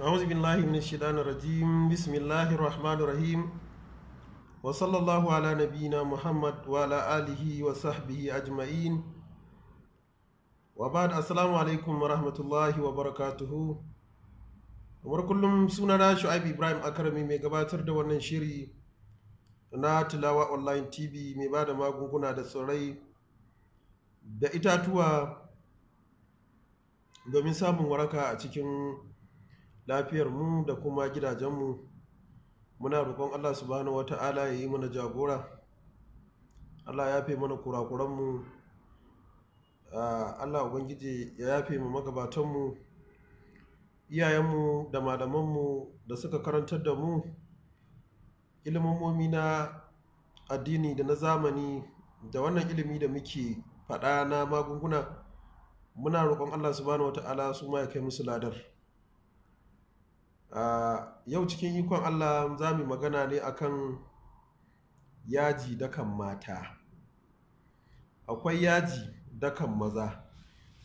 أعوذ بالله من الشيطان الرجيم بسم الله الرحمن الرحيم وصلى الله على نبينا محمد وعلى آله وصحبه أجمعين وبعد السلام عليكم ورحمة الله وبركاته kamar kullum suna na shu'aib ibrahim akarami mai gabatar da wannan shiri na tilawa online tv mai ba da magunguna da tsirrai da itatuwa domin samun waraka a cikin Lafiyar mu da kuma gidajenmu muna roƙon allah subhanahu wata'ala ya yi mana jagora allah ya fi mana kurakuranmu ah, allah ubangiji ya yafe mu magabatanmu iyayenmu da malamanmu da suka karantar da mu ilimomomi na addini da na zamani da wannan ilimi da muke faɗa na magunguna muna roƙon allah subhanahu wata'ala su ma ya kai musu ladar yau cikin ikon Allah za mu magana ne akan yaji dakan mata akwai yaji dakan maza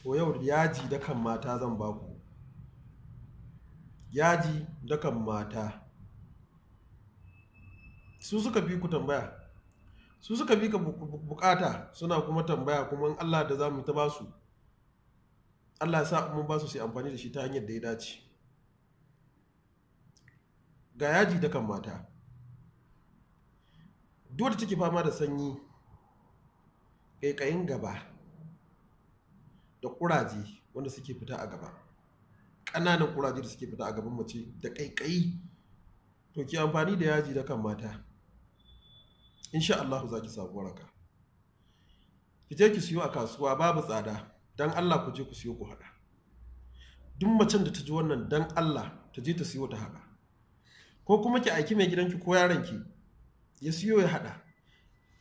to yau yaji dakan mata zan baku yaji dakan mata su suka fi ku tambaya su suka fi ka bukata suna kuma tambaya kuma Allah da za mu ta basu Allah ya sa mun basu sai amfani da shi ta hanyar da ya dace ga yaji da kan mata dole take fama da sanyi ƙaiƙayin gaba da ƙuraje wanda suke fita a gaba ƙananan ƙuraje da suke fita a gaban mace da ƙaiƙayi to ki amfani da yaji da kan mata insha Allah za ki samu waraka ki je ki siyo a kasuwa babu tsada dan Allah ku je ku siyo ku haɗa duk macen da ta ji wannan dan Allah ta je ta siyo ta haɗa ko kuma ki aiki mai gidanki ko ki ya siyo ya haɗa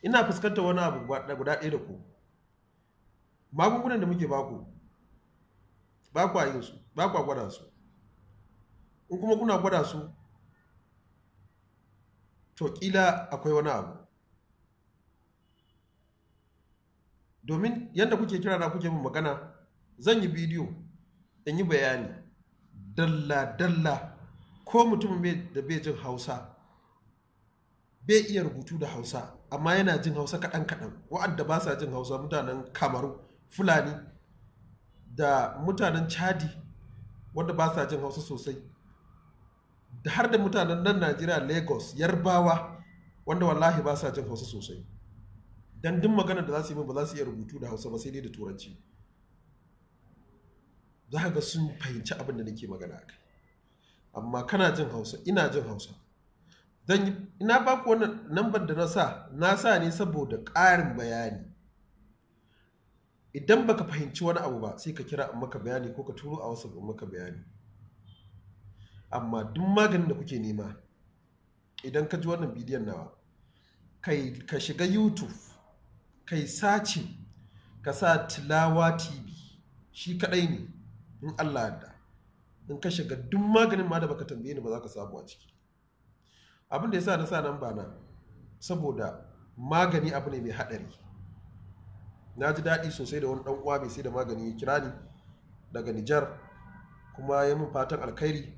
ina fuskantar wani abu guda ɗaya da ku magungunan da muke baku baku a yin su baku a gwada su in kuma kuna gwada su to ƙila akwai wani abu domin yadda kuke kira na kuke min magana zan yi bidiyo in yi bayani dalla-dalla ko mutumin da bai jin hausa bai iya rubutu da hausa amma yana jin hausa kaɗan kaɗan wa'adda ba sa jin hausa mutanen kamaru fulani da mutanen chadi wanda ba sa jin hausa sosai da har da mutanen nan najeriya lagos yarbawa wanda wallahi ba sa jin hausa sosai don duk magana da za su yi ba za su iya rubutu da hausa ba sai dai da turanci za ga sun fahimci abin da nake magana a kai amma kana jin hausa ina jin hausa don ina baku ku wannan nambar da na sa na sa ne saboda ƙarin bayani idan baka fahimci wani abu ba sai ka kira in maka bayani ko ka turo a wasu in maka bayani amma duk maganin da kuke nema idan ka ji wannan bidiyon nawa ka shiga youtube ka yi sacin ka sa tilawa tv shi kadai ne in allah da in ka shiga duk maganin ma da baka tambaye ni ba za ka samu a ciki abin da ya sa na sa nan bana saboda magani abu ne mai haɗari na ji daɗi sosai da wani ɗan uwa mai sai da magani ya kira ni daga Nijar kuma ya min fatan alkhairi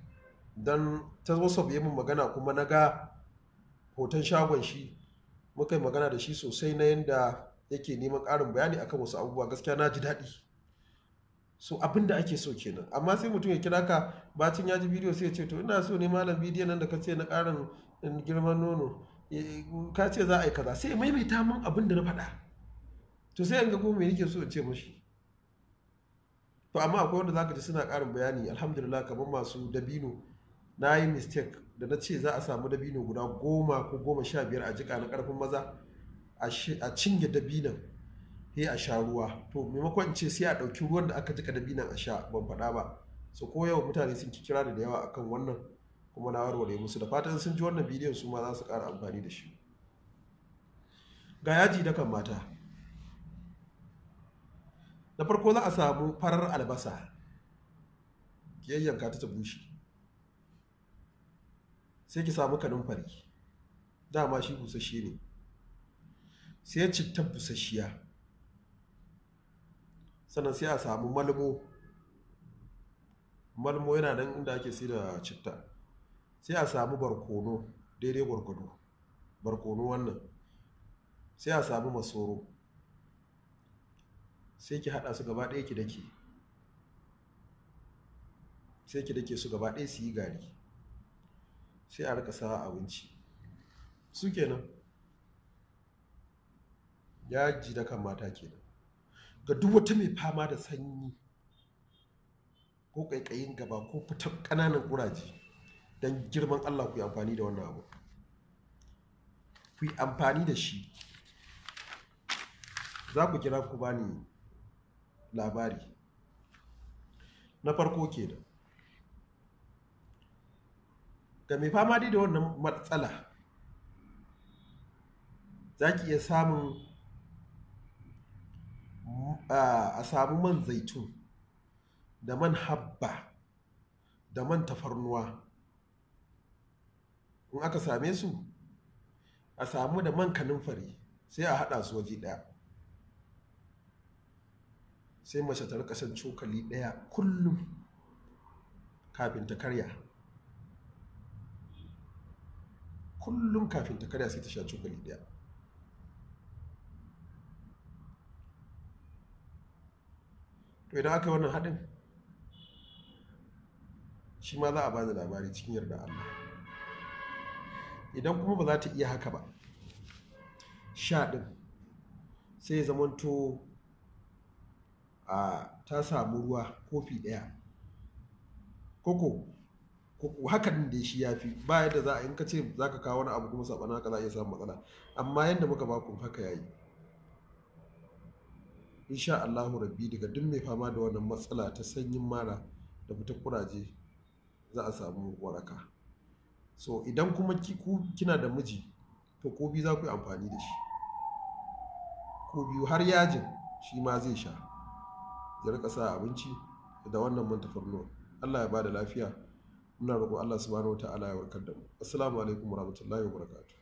don ta wasu ya min magana kuma na ga hoton shagon shi muka yi magana da shi sosai na yadda yake neman ƙarin bayani akan wasu abubuwa gaskiya na ji daɗi so abin da ake so kenan amma sai mutum ya kira ka bacin ya ji bidiyo sai ya ce to ina so ne malam bidiyo nan da ka ce na karin eh, girman nono eh, ka ce za a yi kaza sai maimaita min abin da na faɗa to sai an ga kuma mai nake so in ce mashi to amma akwai wanda zaka ji suna ƙarin bayani alhamdulillah kamar masu dabino na yi mistake da na ce za a samu dabino guda goma ko goma sha biyar a jika na ƙarfin maza a cinye dabinan. sai a sha ruwa to maimakon ce sai a ɗauki ruwan da aka jika dabinan a sha ban faɗa ba so ko yau mutane sun ki kira da yawa akan wannan kuma na warware musu da fatan sun ji wannan bidiyon su ma za su ƙara amfani da shi ga yaji da kan mata Na farko za a samu farar albasa yayyanka ta ta bushe sai ki samu kanumfari dama shi busasshe ne sai ta busasshiya sannan sai a samu malmo malmo yana nan inda ake sai da citta sai a samu barkono daidai gwargwado barkono wannan sai a samu masoro sai ki haɗa su gaba ɗaya ki dake sai ki dake su gaba ɗaya su yi gari sai a rika sa abinci su kenan ya ji da kan mata kenan ga duk wata mai fama da sanyi ko ƙaiƙayin gaba ko fitar ƙananan ƙuraje don girman Allah ku yi amfani da wannan abu ku yi amfani da shi za ku kira ku bani labari na farko kenan ga mai fama dai da wannan matsala za ki iya samun a samu man zaitun da man habba da man tafarnuwa in aka same su a samu da man kanunfari sai a haɗa su waje daya sai mace ta rika cokali daya kullum kafin ta karya kullum kafin ta karya sai ta sha cokali daya. to idan aka yi wannan haɗin shi ma za a ba da labari cikin yarda Allah idan kuma ba za ta iya haka ba sha ɗin sai zamanto a ta samu ruwa kofi ɗaya koko hakan da shi ya fi ba yadda za a in ka ce za ka kawo wani abu kuma saɓana ka za a iya samun matsala amma yadda muka ba ku haka yayi insha Allahu rabbi daga duk mai fama da wannan matsala ta sanyin mara da fita kuraje za a samu waraka so idan kuma kina da miji to ko biyu za ku yi amfani da shi ko biyu har yajin shi ma zai sha ya rika sa abinci da wannan man tafarnuwa Allah ya bada lafiya muna roƙon Allah subhanahu wataala ya warkar da mu assalamu alaikum warahmatullahi wabarakatuh